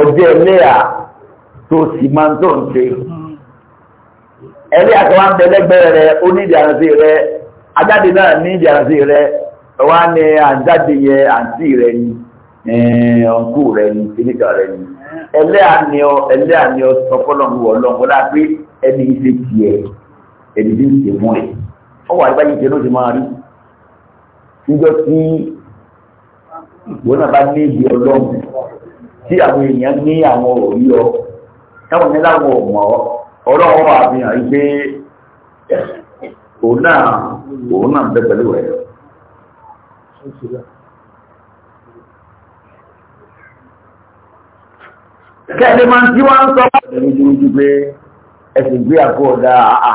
ọjọ́ ẹlẹ́à tó sì máa ń tó ń ṣe ẹlẹ́à kan wá ń bẹ lẹ́gbẹ̀ẹ́ rẹ ó ní ìdíyànsí rẹ ajáde náà ní ìdíyànsí rẹ wá ní àjáde yẹ àǹtí rẹ ni ọ̀nkú rẹ ni sílíkà rẹ ni ẹlẹ́à ni ọ ẹlẹ́à ni ọ sọ fọlọ́run wọ̀ lọ́n kọ́lá pé ẹni ṣe tiẹ̀ ẹni tí ń ṣe tí àwọn èèyàn ní àwọn òrí ọ táwọn ní láwọn ò ọ̀rọ̀ ọ̀rọ̀ àfihàn yìí òun náà òun náà pẹ̀lú ẹ̀. kẹ́lẹ́ máa ń tí wọ́n ń sọ ẹ̀sìn gbé ọ̀dà àà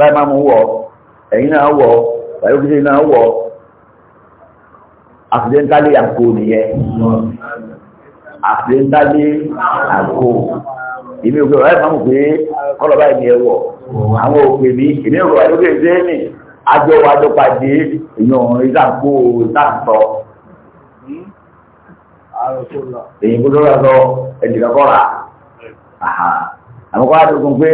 bàbá mú ẹ̀yìn náà náà àfìdẹ́ńtálẹ̀ nìyẹn. àpéńtálé àgbo èmi ò pé ọ̀rẹ́ máa mọ̀ pé kọ́lọ̀ báyìí ni ẹ wọ̀ àwọn òpè mi èmi ò rọ̀ àdókè sẹ́ẹ̀nì àjọ wa jọ pàdé èèyàn ìdàgbò ìdàgbò èyí kó lọ́rọ̀ lọ ẹ̀dìkan kọ́ra àwọn kọ́ra tó kún pé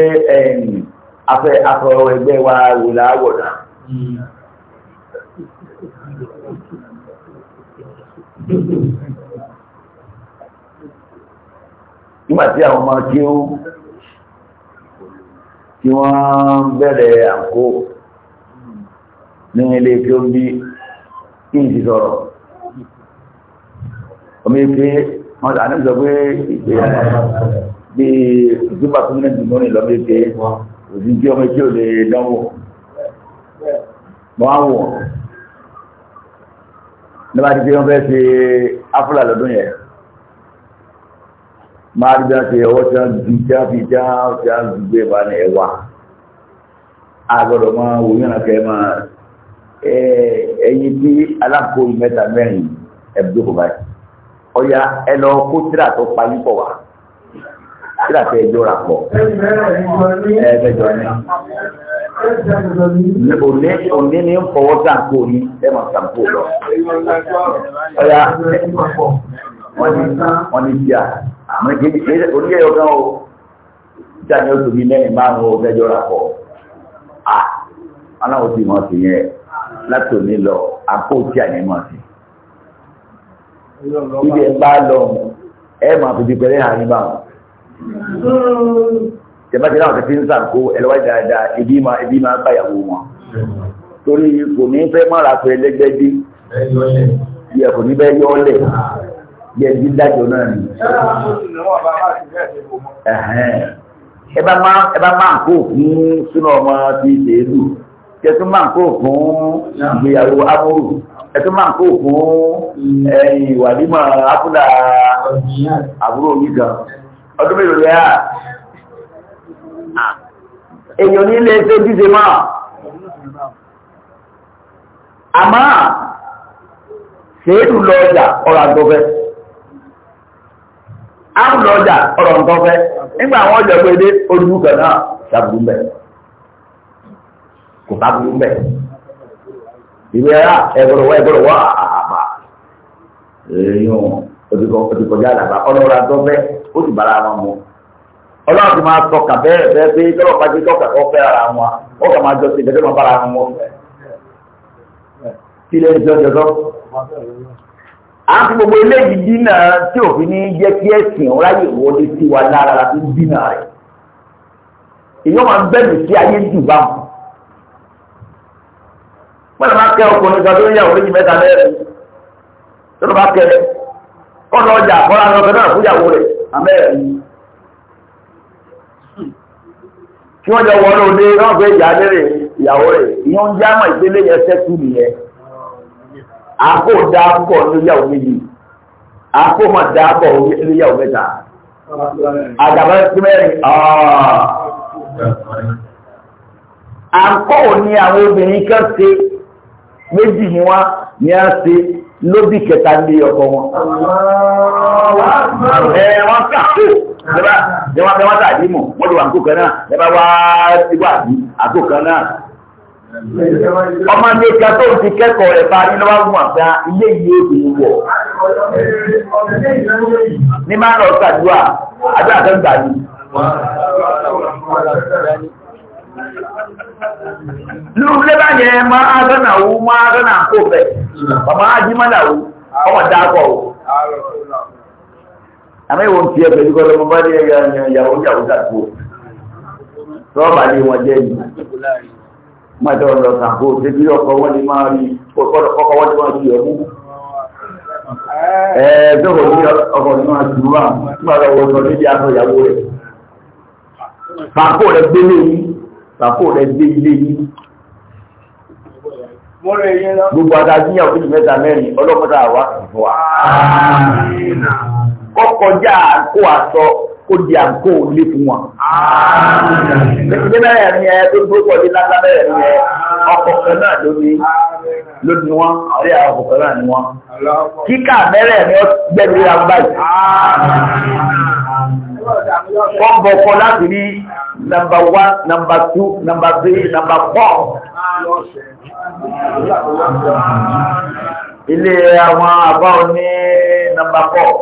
afẹ́ afọ ẹgbẹ́ wa wò láwọ̀dà. Thank you. nígbàtí àwọn ọmọ kí ó kí wọ́n bẹ̀rẹ̀ àkó ní ilé kí ó bí kí n ti sọ̀rọ̀ omi pé wọ́n tà ní sọ pé ìpè bí ìjọba tó ní ìdùnnú ní lọ́bí pé òsì kí ọmọ kí ó lè dánwò mọ́ àwọn nígbàtí pé wọ́n fẹ́ ṣe áfúlà lọ́dún yẹn máa rí dáṣe ọwọ́ tí wọ́n fi já fi já tí wọ́n fi gbé bá ní ẹwà agbọ́dọ̀ máa wò yànnà kẹ́ máa ẹyin tí alákòóyì mẹ́ta mẹ́rin ẹ̀bùdókò báyìí ọ̀yà ẹ lọ kó tíra tó parí pọ̀ wá tíra tẹ ẹjọ́ rà pọ̀ ẹ̀ẹ́dẹ́jọ́ ni òní òní ni ń fọwọ́ sàǹkó ni ẹ̀ máa sàǹkó lọ wọ́n ní wọ́n ní bíà àmọ́ kìí ṣe oníyẹ ọ̀gá o títà ní oṣù bíi mẹ́rin márùn-ún ọ̀gẹ́jọ́ rà pọ̀ à aláwọ̀ sì mọ̀ sí yẹn láti òní lọ àpò tí a yẹn mọ̀ sí. ibi ẹ̀ bá lọ ẹ máa fi dìpẹ́rẹ́ hàn yín báwọn. ìjọba ti láwọn ti ń sàǹkó ẹlẹ́wà dáadáa ibi máa ibi máa báyàwó wọn. torí kò ní fẹ́ mọ́ra pé ẹlẹ́gbẹ́ bí ẹ̀ kò ní bẹ́ yọ ọ́ lẹ̀ jẹ̀bi dájọ́ náà ni. ẹ bá máa ń kó fún súnà ọmọ ti ṣèlú ẹ tún máa ń kó fún ìgbéyàwó amúrù ẹ tún máa ń kó fún ìwà nímọ̀ ápùlà àbúrò yìí gan ọdún mélòó rẹ̀ à èèyàn nílé tó díje máa àmọ́ ṣèlú lọ́jà ọ̀rọ̀ àgbọ̀fẹ́ àrùn ọjà ọ̀rọ̀ nǹkan fẹ́ nígbà àwọn ọjà pé dé olùkú kan náà ṣàbùrú mbẹ̀ kò bá burú mbẹ̀ ìwé ara ẹ̀gbọ́dọ̀ wá ẹ̀gbọ́dọ̀ wá àbá èèyàn òtìkọjá àdàbà ọlọ́ra tó fẹ́ ó sì bára wọn mu ọlọ́run ti máa tọkà bẹ́ẹ̀ bẹ́ẹ̀ pé tọ́lọ̀ pàṣẹ tọkà kọ́ fẹ́ ara wọn ó kà máa jọ sí ìgbẹ́jọ́ máa bára wọn mọ́ kí lẹ́yìn tí a ń fi gbogbo eléyìí dínà tí òfin ní jẹ́ kí ẹ̀sìn ráyè wọlé sí wa lára la fi ń dínà rẹ̀ èèyàn máa ń bẹ̀rù sí ayé jù bá mu wọ́n máa kẹ́ ọkùnrin kan tó ń mẹ́ta mẹ́rin tó kẹ́ ọ̀nà ọjà náà fúyàwó rẹ̀ wọ́n jọ wọ́n lóde náà fẹ́ lérè ìyàwó rẹ̀ ìyọ́n yẹn sẹ́kù àpò dáàbọ̀ lóyàwó méjì àpò mà dáàbọ̀ lóyàwó mẹ́ta àdàbà mẹ́rin àkọ́ ní àwọn obìnrin kan ṣe méjì ni wá ní a ṣe lóbì kẹta ní ọkọ wọn. ẹ wọn kà tó ẹ bá ẹ wọn tà dìímù wọn lè wà àkókò náà ẹ bá wá ìwà àkókò náà ọmọdé ìjà tó ti kẹ́kọ̀ọ́ rẹ̀ bá ní lọ́wọ́ mú àgbà ilé ìyé òdòdó wọ̀ ní máa lọ sàdúrà tó ń gbà yẹn kó ọmọ ajímọ́nà wú ọmọ dáàbọ̀ wú. àmì ìwọ̀n tiẹ̀ pẹ̀lú kọ́lọ́ bá dé mọ́tò ọ̀rọ̀ sàǹkó tẹ́bí ọkọ̀ wọ́n ni máa rí ọkọ̀ wọ́n ni máa rí ọmú ẹ̀ẹ́dọ́gbọ̀n ní ọkọ̀ ní máa jù wà nígbàtà ọ̀rọ̀ níbi àtọ̀ ìyàwó rẹ̀ sàǹkó rẹ̀ gbé lé yìí sàǹkó rẹ̀ gbé ilé yìí gbogbo adájíyàn fún kó di àǹkó ilé fún wọn. Ní bẹ́ẹ̀ ni ẹ tó dúró pọ̀ ní lásán bẹ́ẹ̀ ni ẹ ọkọ̀ọ̀kan náà ló ní ló ní wọn àárẹ̀ ọkọ̀ọ̀kan náà ni wọn. Kíkà mẹ́rẹ̀ ni ó gbẹ́ni ra báyìí. Wọ́n bọ̀ kọ́ láti rí nọmba one nọmba two nọmba three nọmba four. Ilé àwọn àbá òní nọmba four.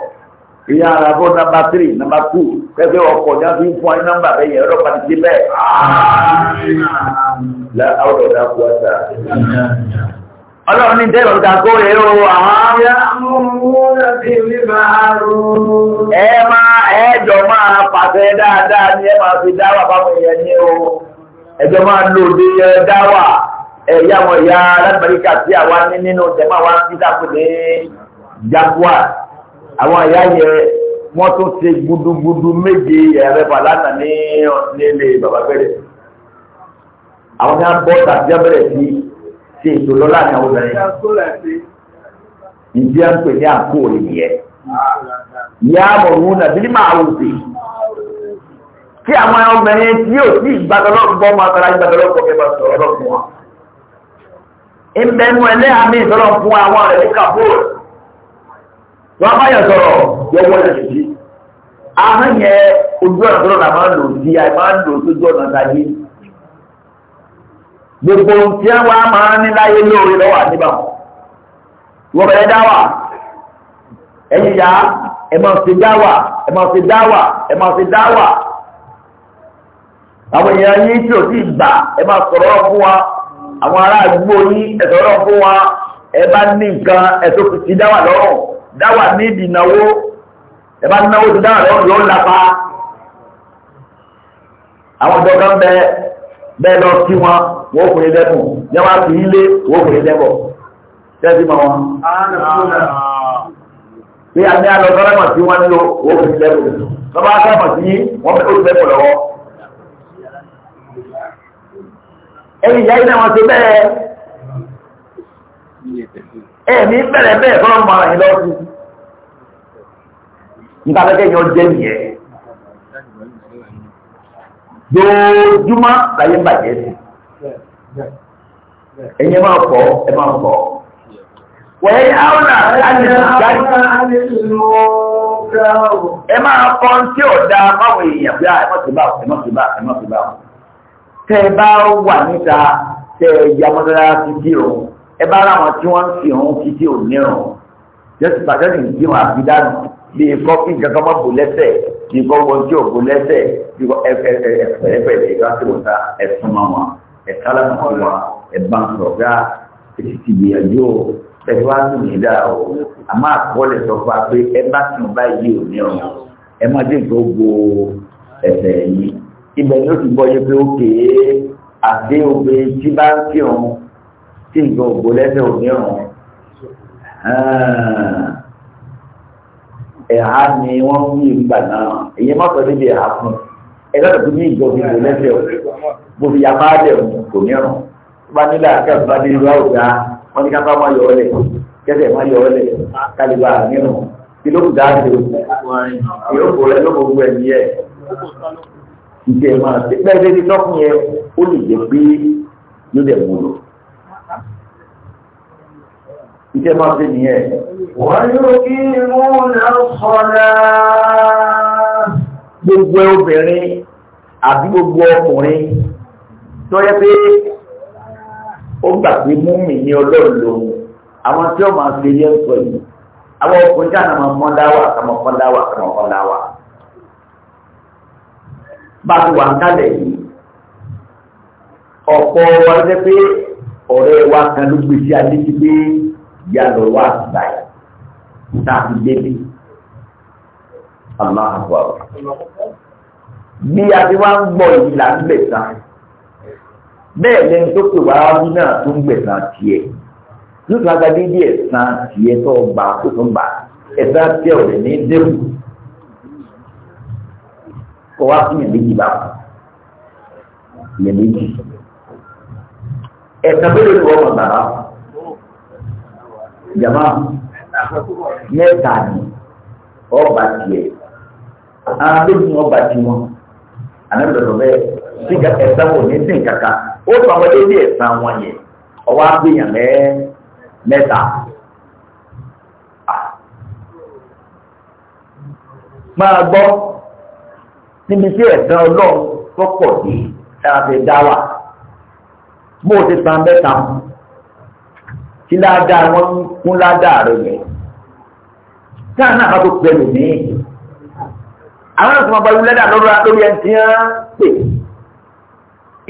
ìyá àràbọ̀ nàmbà 3 nàmbà 2 kẹfẹ ọkọ ní a fi ń fún ayé nàmbà bẹyẹ ọdọ pàtìkì bẹẹ. la awọn ọdọ akọ ọta. ọlọrun ní tẹlẹ ọdọ akọ rẹ o. ya múra bí mi máa rú. ẹ máa ẹjọ máa pàṣẹ dáadáa ní ẹ máa fi dáwà bàbá yẹn ní o. ẹjọ máa lò ní ẹ dáwà ẹyà wọn ya alágbàlíkà sí àwa ní nínú jẹmọ àwa ní sàkùnrin jaguar. àwọn àyà yẹ wọ́n tún ṣe gudugudu méje ẹ̀rẹ́ bàlánà ní ilé bàbá bẹ̀rẹ̀ àwọn ní abọ́ tàbí abẹ́rẹ́ sí ṣe ètò lọ́la ní àwọn obìnrin ìdí à ń pè ní àkó nìyẹn ìyá àmọ̀rún nàbí ní màá wù sí kí àwọn obìnrin tí yóò sí ìgbàdọ́lọ́gbọ́ máa tara ìgbàdọ́lọ́gbọ́ kẹfà sọ̀rọ̀ lọ́kùnrin ìbẹ̀nu ẹlẹ́hàmì ìtọ́lọ́ fún àwọn rẹ̀ ní kàbóòrò wọ́n bá yàn sọ̀rọ̀ wọ́n wọ́n yàn sí. ahọ́n yẹn ojú ọ̀nà máa ń lò sí àì máa ń lò sójú ọ̀nà gbogbo tí máa ní láyé lóore lọ́wọ́ àdébà wọ́n bẹ̀rẹ̀ dá wà ẹ máa ṣe dá wà ẹ máa dá wà ẹ máa dá wà. àwọn èèyàn yín tí ò sí gbà ẹ máa sọ̀rọ̀ fún wa àwọn dáwà ní ìdìnàwó ẹ̀bá náwó ti dáwà lọ́wọ́ lápá àwọn ìjọba ń bẹ bẹ́ẹ̀ lọ kí wọn wọ́n kò lè dẹ́kùn yẹn wá sí ilé wọ́n kò lè dẹ́kọ̀ tẹ́sí mọ́ wọn. bí a ní alọ́ sọ́lẹ́mọ̀ tí wọ́n nílò wọ́n kò lè dẹ́kùn lọ́ba sọ́lẹ́mọ̀ tí wọ́n fẹ́ kó lè dẹ́kùn lọ́wọ́. ẹni ìyá yìí náà ti bẹ́ẹ̀ ẹ̀mí bẹ̀rẹ̀ bẹ́ẹ̀ fọ́nà mọ́ ara yìí lọ́sí nípa yọ jẹ́ nìyẹn dojúmọ́ láyé bàjẹ́ sí ẹ̀yẹ máa fọ́ ẹ máa fọ́ wẹ̀yẹ àwọn ẹ máa kọ́ tí ò dáa fáwọn èèyàn bí i ẹmọ́síbà ẹmọ́síbà ẹmọ́síbà tẹ́ bá wà níta tẹ́ ya mọ́tàlá sí kírun ẹ bá ara wọn tí wọ́n ń fi hàn títí òmíràn jẹ́sí pàtẹ́sì ń gbé wọn àfi dànù bí ikọ́ kí nǹkan kan má bò lẹ́sẹ̀ bí ikọ́ wọn tí ò bò lẹ́sẹ̀ bí ẹ̀fẹ̀ẹ̀fẹ̀ ìgbà tí wọ́n ta ẹ̀sùn mọ́ wọn ẹ̀ka lásìkò wọn ẹ̀bá ń sọ̀rọ̀ gá èsì ti gbìyànjú o ẹ̀fẹ̀ wá sí mi dáa o àmọ́ àkọọ́lẹ̀ sọ fún wa pé ẹ bá tún báyìí òmíràn ẹ má dé gbogbo ẹ̀fẹ̀ yìí ibẹ̀ ni ó ti gbọ́ yẹ pé ó kéé àti òbí tí bá ń kírun tí nǹkan ògbó lẹ́sẹ̀ òní ọ̀hún ẹ̀há ni wọ́n ń yí ìgbà náà èyí má sọ níbi ẹ̀há fún ẹ lọ́dọ̀ tó ní ìjọ fi gbò lẹ́sẹ̀ ọ̀ bó fi yà máa dẹ̀ ọ̀hún kò ní ọ̀hún tó bá nílẹ̀ akẹ́kọ̀ọ́ bá dé irú àwùjá wọ́n ní ká bá máa yọ ọ́ lẹ̀ kẹsẹ̀ máa yọ ọ́ lẹ̀ kálíbà ní ọ̀hún kí ló kù dáa tó ìyókò rẹ ló gbogbo ẹ̀mí Ìjẹ́ máa fi nìyẹn. Wọ́n yóò kí múnà sọ́lá. Gbogbo obìnrin àbí gbogbo ọkùnrin tó yẹ pé ó gbà pé múmi ní ọlọ́run lòun. Àwọn tí ó máa fi yẹ ń sọ yìí. Àwọn ọkùnrin jáà náà máa mọ́ dáwà, kàmọ́ kọ́ dáwà, kàmọ́ kọ́ dáwà. Bá ti wà ń kálẹ̀ yìí, ọ̀pọ̀ wa jẹ́ pé ọ̀rẹ́ wa kan ló gbèsè adé yá lọ wá àgbà yìí tá a fi débi àmà àbọ̀ àbọ̀. bí a ti wá ń gbọ́ yìí là ń gbẹ̀sán bẹ́ẹ̀ lẹ́nu tó pè wá wájú náà tó ń gbẹ̀sán tiẹ̀ lóòtú agadé bí ẹ̀sán tiẹ̀ tó gbà tó tó gbà ẹ̀sán tiẹ̀ ò lè ní dẹ́kun kọ́ wá fún yẹn méjì báwọn yẹn méjì ẹ̀sán tó lè lọ́wọ́ màmá jama mẹ́ta ni ọba tiẹ̀ àwọn lóògùn ọba ti wọn ànábìrọ̀rọ̀ bẹ́ẹ̀ sí ẹ̀sán wò ní sìn kàkà ó sọ àwọn déédéé ẹ̀sán wọn yẹn ọwọ́ agbèyàn mẹ́ta. máa gbọ́ níbi tí ẹ̀sán ọlọ́run tó pọ̀ dé tá a fi dá wà bó o ti san mẹ́ta fún tí ládàá wọn ń kún ládàá rẹ yẹn táà náà tó pẹ̀lú mi àwọn ọ̀sán máa balùwẹ̀ ládàá lọ́rọ̀ lórí ẹni tí wọ́n pè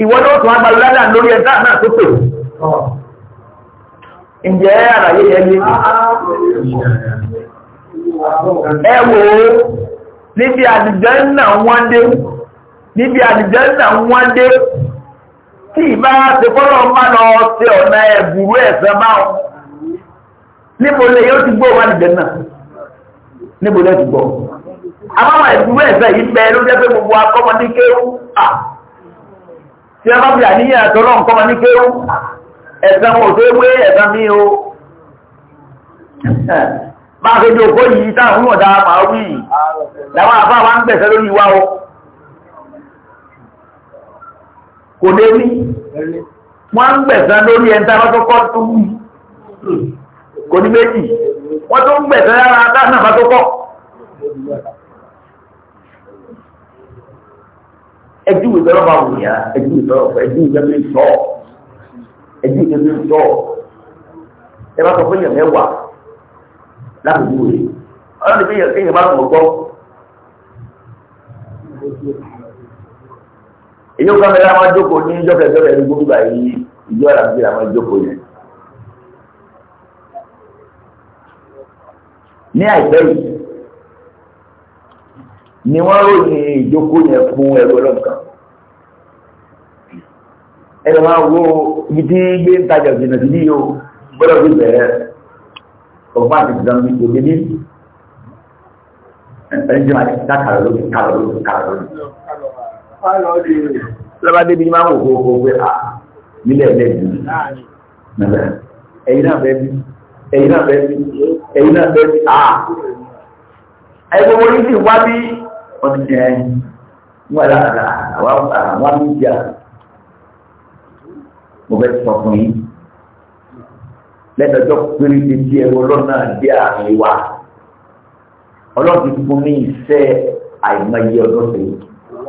ìwọ náà tó máa balùwẹ̀ ládàá lórí ẹni táà náà tó pè ǹjẹ́ àlàyé yẹn lé ẹ wò ó níbi àdìjẹ́ náà wọ́n dé níbi àdìjẹ́ náà wọ́n dé tí ìbá ti fọ́lọ́ má lọ ṣe ọ̀nà ẹ̀bùrú ẹ̀sẹ̀ báwọn níbo lè yóò ti gbó wà nìjẹ́ náà níbo lè ti gbọ́ àbáwọn ẹ̀bùrú ẹ̀sẹ̀ yìí bẹ ló jẹ́ pé gbogbo akọ́mọ ní kéwú à tí a bá fi àníyàn àtọ́lọ́ nkọ́mọ ní kéwú ẹ̀sẹ̀ wọn ò tó wé ẹ̀sẹ̀ mi o bá a fi di òkó yìí táwọn ọ̀dà máa wí làwọn àbá wa ń gbẹ̀sẹ̀ lórí wa o. kò lè rí wọ́n ń gbẹ̀sán lórí ẹni tá a bá tó kọ́ tó wù kò ní méjì wọ́n tó ń gbẹ̀sán lára dáná bá tó kọ́ ẹjú ìtọ́rọ̀ bá wù yá ẹjú ìtọ́rọ̀ fún ẹjú ìtọ́rọ̀ sọ ẹjú ìtọ́rọ̀ sọ ẹ bá sọ fún yàn mẹ́wàá láti wù yìí ọlọ́run bí yàn kéèyàn bá mọ̀ gbọ́ ìjọ kan mẹ́ta máa jókòó ní ìjọ kẹjọ rẹ̀ ní gbogbo àyè ìjọ àlàmísì àwọn ìjókòó yẹn. ní àìpẹ́ yìí ni wọ́n ròyìn ìjókòó yẹn fún ẹgbẹ́ ọlọ́kan ẹ̀rọ máa wo ibi tí gbé ń tajà òjìnà sí yíyó gbọ́dọ̀ fi bẹ̀rẹ̀ ọgbọ́n àti ìdánwò ìjọba ní ẹni tí wọ́n ti ká kàrọ̀ lókè kàrọ̀ lókè kàrọ̀ lókè lọ́ba débi ní máa ń wò kó pé à nílẹ̀ lẹ́bi ẹ̀yin náà fẹ́ bí ẹ̀yin náà fẹ́ bí ẹ̀yin náà fẹ́ bí à ẹ̀gbọ́n mo ní sì wá bí wọ́n ti jẹ́ wọ́n lára àwọn amíjà mo fẹ́ sọ fún yín lẹ́tọ̀ọ́jọ́ péré ti di ẹ̀rọ ọlọ́nà dé àárín wa ọlọ́run ní ìfẹ́ àìmọye ọdún tó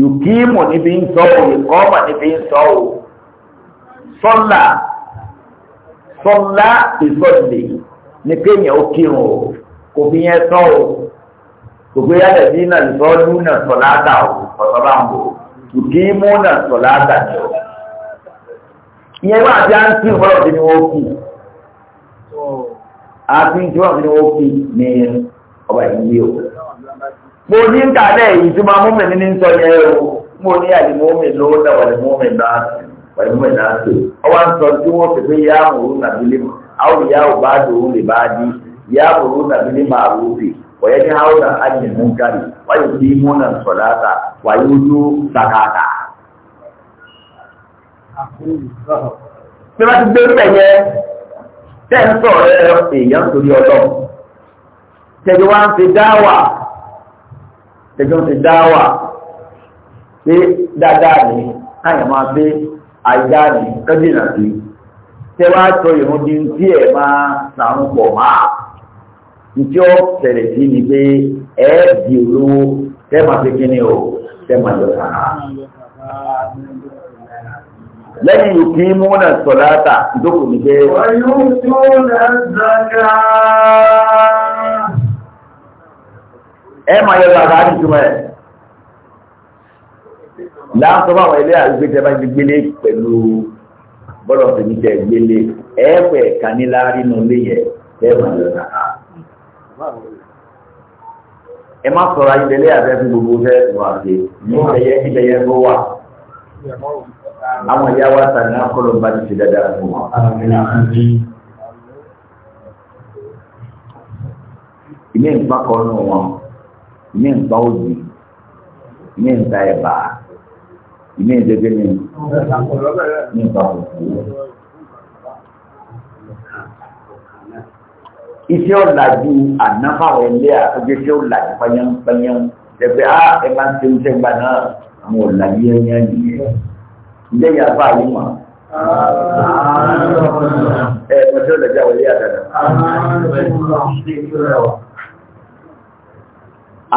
yùkíìmù níbi ń sọ ò ìkọ́mà níbi ń sọ ò sọ́là sọ́là ìsọ̀lẹ̀ ní kéèyàn ó kírun ò kò fi yẹn sọ ò gbogbo yálẹ̀ bí náà lè sọ́ọ́lù náà sọ̀láàdà ò ọ̀sọ́ bá ń bò yùkíìmù náà sọ̀láàdà ni ò ìyẹn wà bí a ń kírun bọ́lọ̀ bí ni wọ́n kì àti ìjọba bí ni wọ́n kì ní ọba ìdílé o mo ní ń kà náà èyí tí máa mú mi ní sọ yẹn o mo ní àdìmọ́ mi lówó náà wà ní mú mi náà wà ní mú mi náà tó ọba ń sọ tí wọ́n fi pé yá òru nàbí lè mọ̀ àwọn ìyá ò bá dòun lè bá dí yá òru nàbí lè máa rú bì wọ́n yẹ àwọn náà á yẹ̀ mú kárì wọ́n yóò fi náà sọ̀dá ta wà yóò tó sàkàtà tí wọ́n ti gbé bẹ̀yẹ tẹ́ ń sọ̀rọ̀ èèyàn torí ọlọ́run tẹ̀jọ́ wá ń ṣe dáwà tẹ̀jọ́ ń ṣe dáwà pé dáadáa ni àyàn máa gbé àìdá ni kẹ́dìnà sí tẹ́ wá sọ ìrún di tí ẹ̀ máa sàrún pọ̀ máa ntí ó sí ni pé ẹ̀ di olówó tẹ́ máa fi kíní o tẹ́ máa yọ sàrà lẹ́yìn ìkí múnà sọ̀láta ìdókòó ni pé. wọ́n yóò tún lẹ́sàkà ẹ máa yọ bàbá ní ìtumọ̀ ẹ̀ láàpọ̀ bá àwọn ilé àgbẹ̀ tẹ́ bá ti gbélé pẹ̀lú bọ́lọ̀ tó ní tẹ́ gbélé ẹ̀ẹ́pẹ̀ kaníláàrí nù lé yẹ ẹ máa yọ bàbá ẹ má sọ̀rọ̀ ayé lẹ́lẹ́ àbẹ́ fún gbogbo fẹ́ wà sí ní ẹyẹ ìbẹ̀yẹ tó wà àwọn ìyá wa tàbí akọlọ̀ bá ti ṣe dáadáa fún wọn. ìmí ìpákọ̀ nù wọn minta uji minta ẹ̀bà ìmí ìdẹ́gbẹ́ mi minta uji. iṣẹ́ ọ̀làjú ànáfàwọ̀ ẹ̀lẹ́ àtọ́jú iṣẹ́ ọ̀làjú pányánpányán ẹgbẹ́ á ah, ẹ máa ń ṣe iṣẹ́ gbà náà àwọn ọ̀làjú ẹ̀yán nìyẹn ǹjẹ́ ìyá bá yìí mọ̀ ẹ̀ ọ̀làjú àwọn ilé àdàdà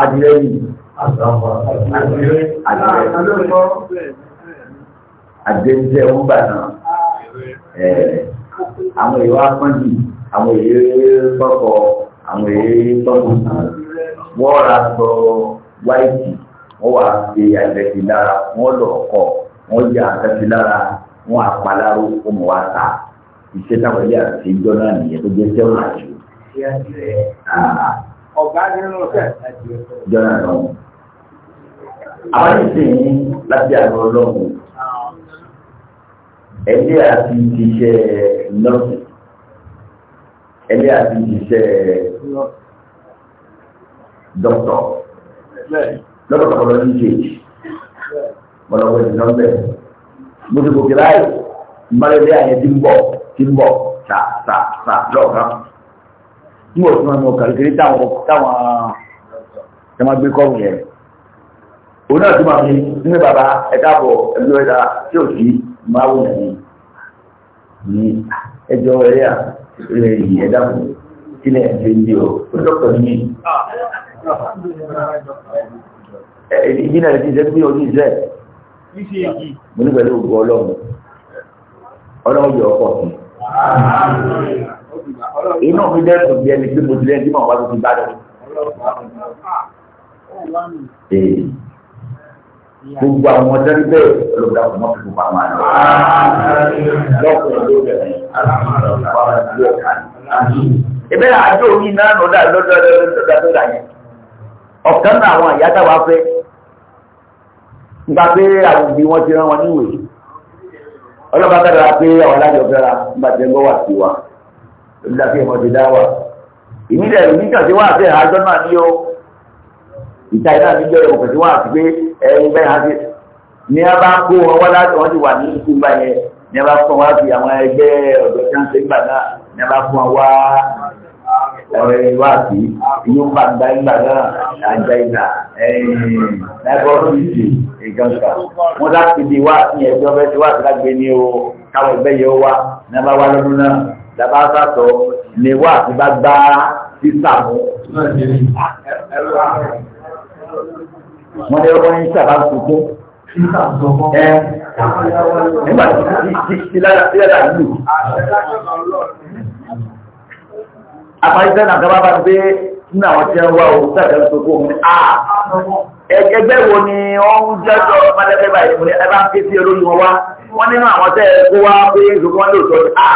adìrẹ yìí adìrẹ adìrẹ jẹ ọgbà náà àwọn èèyàn apọ́njì àwọn èèyàn kọ́kọ́ àwọn èèyàn tọ́kùn wọ́n ra sọ wáìtì wọ́n wà ṣe àgbẹ̀sí lára wọ́n lọ ọkọ̀ wọ́n yà àgbẹ̀sí lára wọ́n apaláró ọmọ wa ta iṣẹ́ táwọn ilé àti ìjọ náà nìyẹn tó jẹ́ sẹ́wọ̀n àjò. Ah ọ̀gá nínú ọ̀sẹ̀. jọ̀nà lọ. àwọn ìsìn yìí láti àgbọ̀ ọlọ́run ẹgbẹ́ àti ìṣiṣẹ́ nọ́ọ̀sì ẹgbẹ́ àti ìṣiṣẹ́ dọ́kítọ̀ lọ́dọ̀ kọ̀ọ̀lọ́ ní ìṣèjì mọ̀lọ́wọ́ ìdánwẹ́ gbogbo kìláyì mbàlẹ́lẹ́ àyẹ̀ ti ń bọ̀ ti ń bọ̀ ta ta ta lọ́ọ̀kan níwọ̀ tí wọ́n mọ̀ kàríkiri táwọn ẹ̀mọ́ gbé kọ́rùn yẹn òun náà túnmọ̀ sí ní bàbá ẹ̀dàbọ̀ ẹ̀lú ẹ̀dà tí ò sí máa wù ní ní ẹjọ́ ẹ̀yà rẹ̀ yìí ẹ̀dàbọ̀ sílẹ̀ ẹ̀jẹ̀ ní o ó dọ́kítọ̀ ní ìjìnà rẹ̀ ti ṣe pé ojú ìṣẹ́ mo ní pẹ̀lú ògùn ọlọ́run ọlọ́run yọ ọkọ̀ sí inú mi jẹ́ tó bí ẹni pé mo ti lẹ́yìn tí màá wá tó ti bá dọ̀. Gbogbo àwọn ọmọdé ní bẹ́ẹ̀ lọ́dọ̀ àwọn ọmọ tuntun pàmò àná. Lọ́kùnrin ló bẹ̀rẹ̀ àwọn ọmọdé ọ̀kan. Ebe náà àjọ omi náà nọ̀dá lọ́dọ̀ lọ́dọ̀ lọ́dọ̀ yẹn. Ọ̀kan náà àwọn ìyá táwa fẹ́. Nígbà pé àwọn òbí wọn ti rán wọn níwèé. Ọlọ́ba kára pé àwọn alájọ fẹ́ra nígbà tí ẹgbẹ́ wà sí wa. ìgbà fi dị ti dá wà ìmílẹ̀ ìmíkà tí wà sí àjọ náà ní o ìta iná jẹ́ tí wà sí pé bẹ́ẹ̀ ní a bá kó wọn wá láti wọn ti wà ní ikú yẹn a bá wa fi àwọn ẹgbẹ́ ọ̀dọ́ tí wọ́n ṣe gbà náà ní a bá fún wa wá ọ̀rẹ́ wa sí inú ìgbà náà àjà ìgbà láti di wá a bá dábàá sàtọ̀ ni wà tí bá gbá títà mú. wọ́n ní ọkọ yín sábà tuntun. ẹ nígbà tí tí lára lù. àpáyíṣẹ́ náà dábàá bá ń gbé nínú àwọn tí wọ́n wá o sábà tuntun òun ni a. ẹgbẹ́ wo ni wọ́n ń jẹ́jọ́ mọ́lẹ́gbẹ́ báyìí ẹ bá ń ké sí olóyún wọn wá wọ́n nínú àwọn tẹ́ ẹ kó wá pé ìṣòro wọn lè sọ ọ́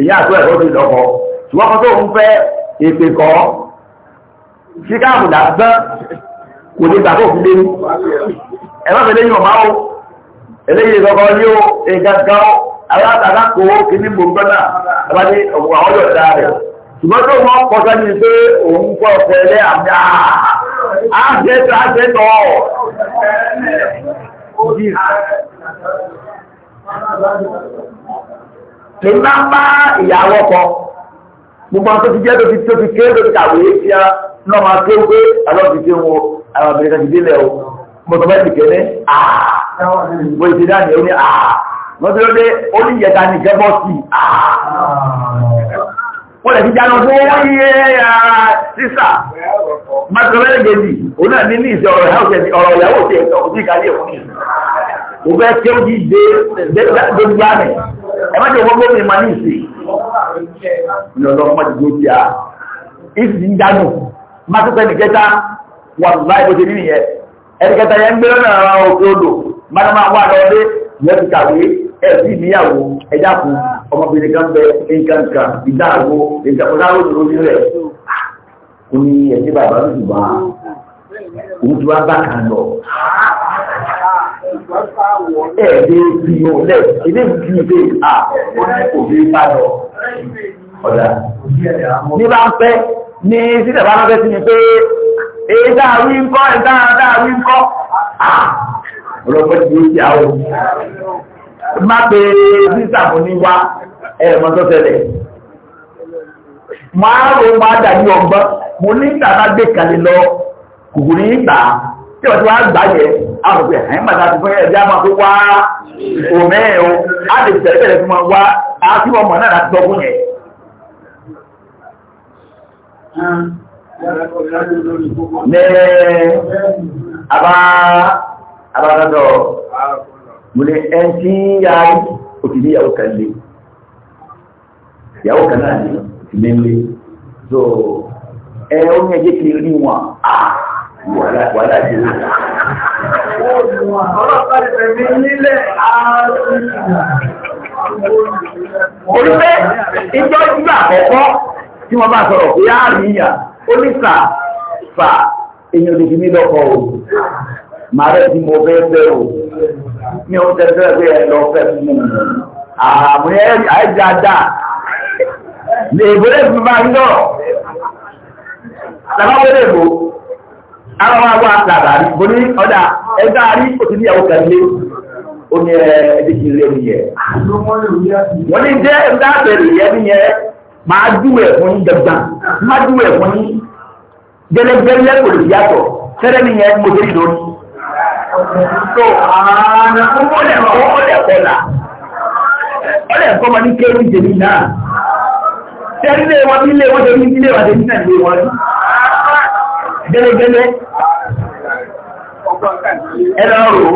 ìyá àtọ́ ẹ̀kọ́ ti lọ́kọ́ ṣùgbọ́n kan tó ń fẹ́ èpè kọ́ síkáàmù lásán kò lè gbà tó fi lé ẹ̀rọ tẹ̀lé yìí ọ̀máwó eléyìí lọ́kọ́ ní ó ẹ̀gàgà alátàlá kò kí ní gbòǹgbọ́nà àbájé ọ̀gbọ̀n àwọn yọ̀ọ̀dá rẹ̀ ṣùgbọ́n tó wọ́n kọjá ní pé òun kọ́ ọ̀fẹ́ ẹlẹ́ àmì àṣẹ́tọ̀ àṣẹ́tọ̀ lè má bá ìyàwó kọ gbogbo àwọn tó ti jẹ́ tó ti tó ti ké tó ti kàwé tí a náà máa ké pé aláwọ̀ ti ké wo àwọn abẹ́rẹ́ kan ti délẹ̀ o mo tọ́ bá ti ké ní àà mo ti dá ní o ní àà mo ti lóde ó ní ìyẹ̀ta ní ìjẹ́bọ́ sí àà wọ́n lè fi jáná fún wọ́n yé sísà mọ́tòlẹ́lẹ́ gẹ̀ẹ́dì òun náà ní ní ìṣẹ́ ọ̀rọ̀ ìyàwó tẹ̀ ọ̀rọ̀ ìyàwó tẹ̀ ẹ̀mọ́jọ gbogbo mi ma ní ìsì ní ọ̀dọ́ ọmọdìgbò tí a ìsì ń dánù má tó fẹ́ nìkẹta wà láì bó ti ní nìyẹn ẹnìkẹta yẹn ń gbé lọ́nà ara òkè odò máa wà lọ́dé yẹn ti kàwé ẹ̀sì ìníyàwó ẹ̀dá fún ọmọbìnrin kan bẹ ní rẹ̀ ní ẹ̀sìn bàbá òun ti wá ẹ̀ẹ́dẹ́ fi hàn lẹ̀ ilé ìfi ìdè à òbí bá lọ. ní bá ń fẹ́ ní sílẹ̀ bá rántẹ́ sí ni pé èyí dáàwí ń kọ́ ẹ̀dá dáàwí ń kọ́ ọlọ́pẹ́ ti ń jà ó. má pe sísàmù ní wá ẹ̀rọ tó tẹ̀lẹ̀ máa ń máa dàbí ọgbọ́n mo ní ìgbà bá gbé kalẹ̀ lọ kòkòrò yìí tí ọ̀tí wá gbà yẹ àpòpẹ̀ ẹ̀yìn bàtà ti fún ẹ̀jẹ̀ àmọ́ pé wá òmẹ́ẹ̀ o á lè tẹ̀lé tẹ̀lé fún wọn wá á sí ọmọ náà láti tọ́kùn yẹn. ní àbá àbádọ́dọ̀ mo lè ẹn tí ya òtí ní ìyàwó kan lé ìyàwó kan náà ní òtí lé lé so ẹ ó ní ẹjẹ́ kiri rí wọn wà láti rí. Olúfẹ́ ìjọ ìgbà àkọ́kọ́ tí wọ́n bá sọ̀rọ̀ pé á rí ìyà, ó ní sà fà èèyàn lè fi mí lọ́kọ̀ o. Màá rẹ̀ tí mo fẹ́ fẹ́ o. Mi ò tẹ́ fẹ́ fẹ́ lọ fẹ́ fún mi. Àmì àìjà dáa. Lè ìbúrẹ́ fún mi máa ń lọ. Tàbá wọlé ìbò ara wa wá làbàrí bó ní ọ̀dà ẹgbẹ́ àrí òtún ní ẹ̀wọ̀ kẹ́lẹ́ ó ní ẹbí kí lé nìyẹ. wọ́n ní jẹ́ ẹgbẹ́ àbẹ̀rẹ̀ yẹn nìyẹn máa dúwẹ̀ fún yín gbẹ̀gbà máa dúwẹ̀ fún yín gẹ́lẹ́gẹ́lẹ́ kò lè yàtọ̀ fẹ́rẹ́ nìyẹn mo dé lórí. tó ààrẹ kókó lẹ̀ kókó lẹ̀ kọ́là ó lẹ̀ kọ́ wọn ní kéwì jèmi náà. tẹ́lẹ̀ wọn bí ilé wọn jẹ́ ní ilé wọn jẹ́ ní gẹ́lẹ́gẹ́lẹ́ ẹ̀rọ ọ̀rọ̀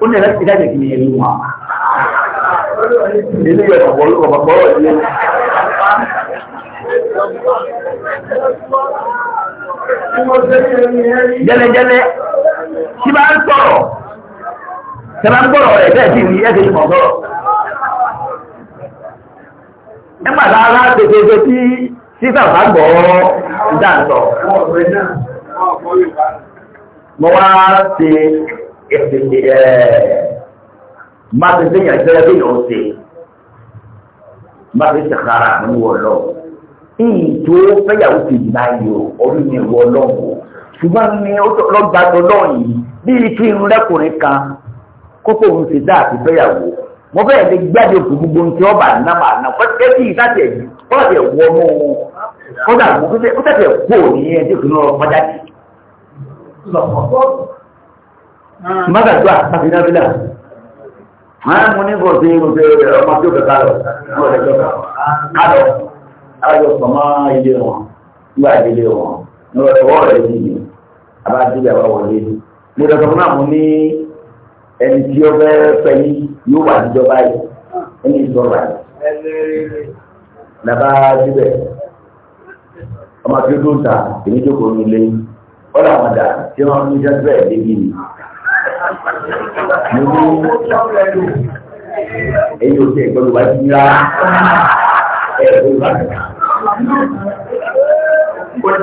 ó ní ẹ̀rẹ́sì jáde kìí ẹ̀rí wọn ilé ìwẹ̀ ọ̀pọ̀lọpọ̀ ilé gẹ́lẹ́gẹ́lẹ́ tí bá ń sọ̀rọ̀ tí bá ń gbọ́rọ̀ rẹ̀ bẹ́ẹ̀ sì ní ẹ̀sẹ̀ ìmọ̀ sọ̀rọ̀ nígbàtà aláàtẹ̀tẹ̀ tí sísàfà gbọ́ dáńtọ̀ mo wá ṣe má ti ṣe jẹ́ bí yàn ṣe má ti ṣe kára ní wọ̀lọ́ ìtò fẹ́yàwó kejì náà yọ orí mi wọ́ lọ́wọ́ ṣùgbọ́n ní lọ́gbàdọ́ lọ́yìn bíi kí irun rẹ́kùnrin kan kókó òun ti dá àti fẹ́yàwó mo gbádùn gbogbo ohun ọba náà máa ná fẹ́ẹ́ ìdájẹ́ kọ́lá tẹ̀ wọ́ mọ́ wọn kọ́lá ó tẹ̀tẹ̀ kó ní ẹni tí òkúnú ọmọ jáde. Mọ́gà tó àpàtì náà bílà. Máa mú ní bọ̀dé oṣù ọmọ tí ó kẹta lọ, ọmọ rẹ̀ jọ kálọ̀. Alájọ sọmọ ilé wọn, nígbà ilé wọn, nígbà ọwọ́ rẹ̀ ní ìlú, abájúbẹ̀ àwa wọlé. Mo dọ̀tọ̀ fún àwọn ní ẹni tí ó fẹ́ fẹ́ yí yóò wà níjọba yìí, ẹni ìsọ̀rọ̀ yìí. nàbá síbẹ̀ ọmọ tí ó tó ń ta èmi jókòó ní ilé ọ̀là àwọn tí wọ́n ní sẹ́sẹ̀ débi ni. mo ní èyí ò tẹ̀ gbọ́dọ̀ ẹ̀ ní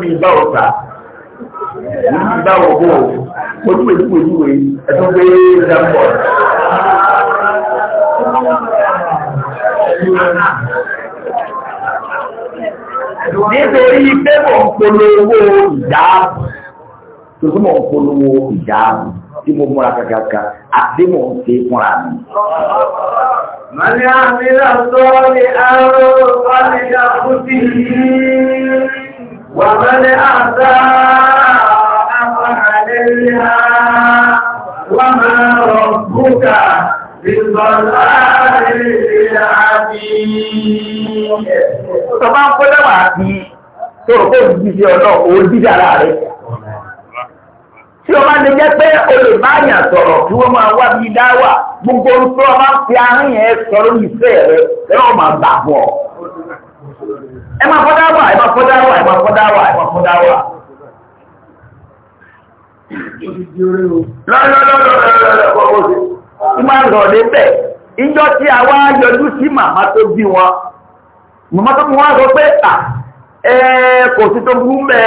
ní ọ̀gbọ́ ojúwe ojúwe ẹ̀tọ́ pé nítorí pé mò ń polówó ìdáàbò tuntun mò ń polówó ìdáàbò tí mo múra kàkàkà àti mò ń ṣe fúnra mi. Màní àmì náà sọ ní àárọ̀ pálíyà kú sí yìí, wà mẹ́lẹ̀ àdá àwọn àlẹ́ yá, wà máa rọ̀ bùkà, ìgbọ̀nlá. Tó bá ń kó lẹ́wà àti tó rò pé ọ̀nà òjíṣẹ́ ara Tí iwu lè jẹ́ pé bá yàn sọ̀rọ̀ kí wọ́n máa wá bí dáwà, gbogbo orúkọ ọmọ fi ahọ́n yẹn sọ̀rọ̀ ìfẹ́ rẹ̀ lọ́wọ́ máa bà bọ̀. Ẹ máa fọ́ dáwà, ẹ máa fọ́ dáwà, ẹ máa fọ́ ẹ ìjọ tí àwa yọjú sí màmá tó bí wọn màmá tó bí wọn sọ pé à ẹ kò sí tó burú mẹ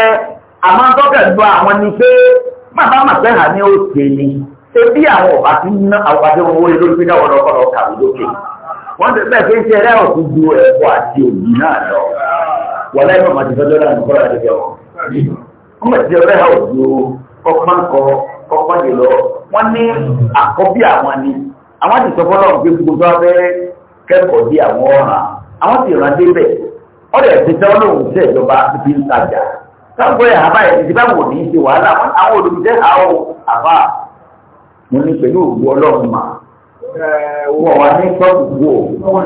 àmọ́ tọ́kẹ̀ lọ àwọn ni pé màmá màfẹ́ hà ní òkè ni ebí àwọn ọba ti ná àwọn àti owó ilé lórí pínlẹ̀ ọ̀rọ̀ ọ̀rọ̀ kàwé lókè wọ́n ti bẹ́ẹ̀ fi ń ṣe ẹlẹ́rọ̀ tó ju ẹ̀kọ́ àti òbí náà lọ wọ́n lẹ́yìn ọmọ àti fẹ́jọ́ náà nìkọ́ra àti ẹ̀wọ̀ ọmọ ti ọ̀rẹ́ ha òjò kọ́kọ́ kọ́kọ́ yìí àwọn ti sọ fọ́lọ́ pé gbogbo wa fẹ́ kẹ́kọ̀ọ́ di àwọn ọ̀ràn àwọn ti ràn débẹ̀ ọ̀rẹ́ ẹ̀sìn tẹ́ ọlọ́run tẹ́ ìjọba ti ń tajà káàkó ẹ̀ àbá ẹ̀ ti báwo ní í ṣe wàhálà àwọn olùdíjẹ́ àwọn àbá mo ní pẹ̀lú òwú ọlọ́run mà wọ́n wá ní sọ́ọ̀bù wo wọ́n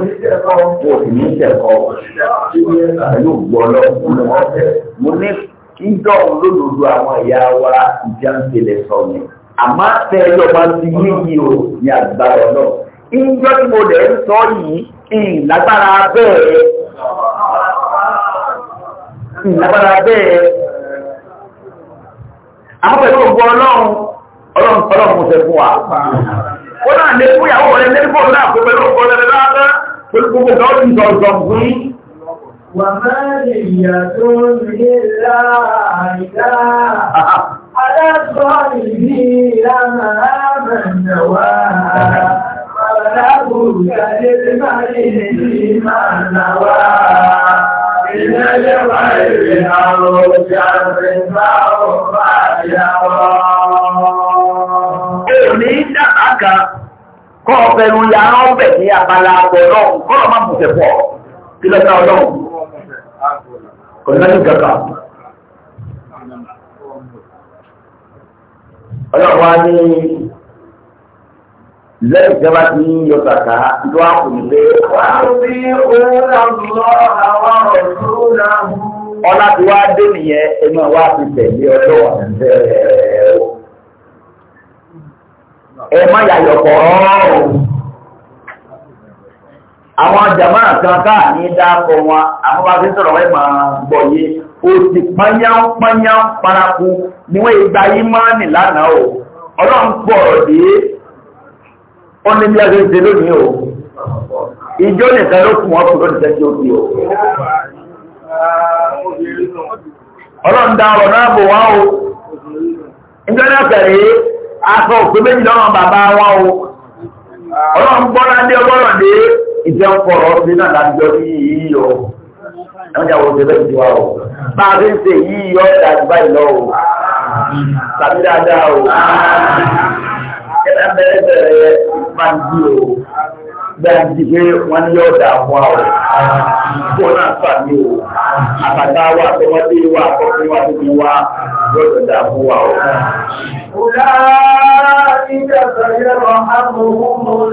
sì ní ìṣẹ̀kọ́ pẹ̀lú òwú ọlọ́run mo ní kí dọ́ọ̀ lódodo àwọn ìyá wa ìjà ń tẹ̀lé sọ àmọ́ tẹ ẹ lọ́ba ti yí yìí o ní agbára náà ìjọ tí mo lẹ̀ ń sọ yìí ìlágbára bẹ́ẹ̀ ìlágbára bẹ́ẹ̀ àwọn pẹ̀lú ògbó ọlọ́run ọlọ́run ọlọ́run mo fẹ́ fún wa ó náà lè fún ìyàwó rẹ lẹ́nu bọ́ọ̀lù náà fún pẹ̀lú ògbó ọlọ́run lábẹ́ pẹ̀lú gbogbo ọ̀gá òjì zọ̀zọ̀ fún yín. wàmẹ́rì ìyà tó ń rí láàrín على الظالمين مآبا نواه ولا بد للمريض ما نواه من الغيب أو شر فهو يرى Èmi dábàá kan kọ́ ọ̀bẹ̀rù ya ọ̀bẹ̀ ní abala àbọ̀ náà kọ́ ọ̀ma bùtẹ̀ pọ̀ kí lọ́ta ọlọ́run. Kò ní lọ́dún kankan. ọlọ́run wá ní lẹ́yìn ìjọba ti ń yọ kàkà ló wá kù nílé. wàá fi òun àlọ́ àwọn ọ̀dọ́ náà. ọlá ti wá dé nìyẹn ẹnu wa ti tẹ̀lé ọjọ́ ẹ̀ ẹ̀ má yàyọ̀ pọ̀ ọ́. àwọn jàmáà kan káà ní dákọ wọn àwọn bá fi sọ̀rọ̀ wẹ́mà ti pányán pányán paraku ni wọ́n yí máa nì lánàá o ọlọ́run pọ̀ dé ó ní bí ẹgbẹ́ o ìjọ nìkan ló fún wọn kò o. ọlọ́run dá ọ̀rọ̀ náà bò wá o aṣọ òkú bàbá o ọlọ́run ìjẹ́ ń kọ̀rọ̀ ọdún náà lájọ yìí o ẹ̀wọ̀n ìyàwó ṣe bẹ́ẹ̀ tiwa o máa fi ń ṣe yìí yọ ìlọ o tàbí dáadáa o ẹ̀rọ bẹ̀rẹ̀ bẹ̀rẹ̀ máa ń di o pé wọ́n ní ọ̀dà àwọn àwọn kó náà sàmì o àbàtà wa àtọmọdé wa àkọkùnrin wa tóbi wa lọ́dọ̀ dà fún wa o. Ọ̀la ìjọba yẹ̀rọ àmọ̀ òun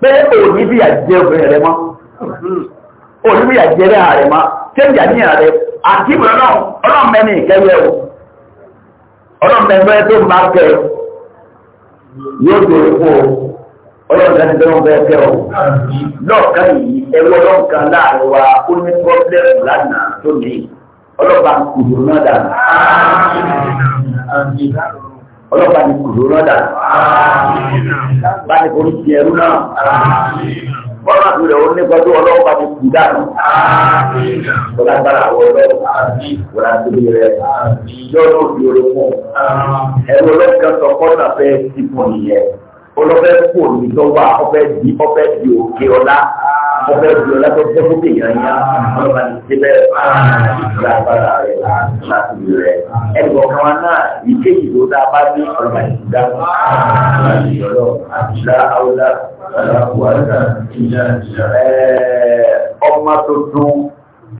pé òní bí àjẹ́ obìnrin rẹ̀ mọ́ òní bí àjẹ́ rẹ̀ rẹ̀ mọ́ kéjì àníyàn rẹ̀ àti ìwé ọlọ́mẹ́ni ìkẹyẹ o ọlọ́mẹ́ni tó máa kẹ yóò bèrè fún o ọlọ́mẹ́ni tó ń bẹ́ẹ̀ kẹ o lọ́ọ̀ká yìí ẹwọ́ lọ́ọ̀ká ọlọ́pàá ni kùdó lọ́dà bá ní kò ní ti ẹrú náà wọ́n máa tún lè wọ́n nípa tó ọlọ́pàá ni kù dànù wọ́n lágbára àwọn ọlọ́pàá wọ́n láti rí rẹ̀ lọ́dún òbí orí fún ẹ̀rọ ọlọ́pàá sọ kọ́ńtà fẹ́ẹ́ ti fún ìyẹn olọ́fẹ́ kò ní lọ́wọ́ ọfẹ́ di ọfẹ́ di òkè ọlá ọfẹ́ di ọlá tó tẹ́ fún èèyàn yẹn ọlọ́ba ní síbẹ̀ lágbára rẹ̀ láti rẹ̀ ẹnìkan kan wá náà ìkéyìí tó dáa bá ní ọlọ́ba ní síbẹ̀ láti ọlọ́ ọmọ tuntun.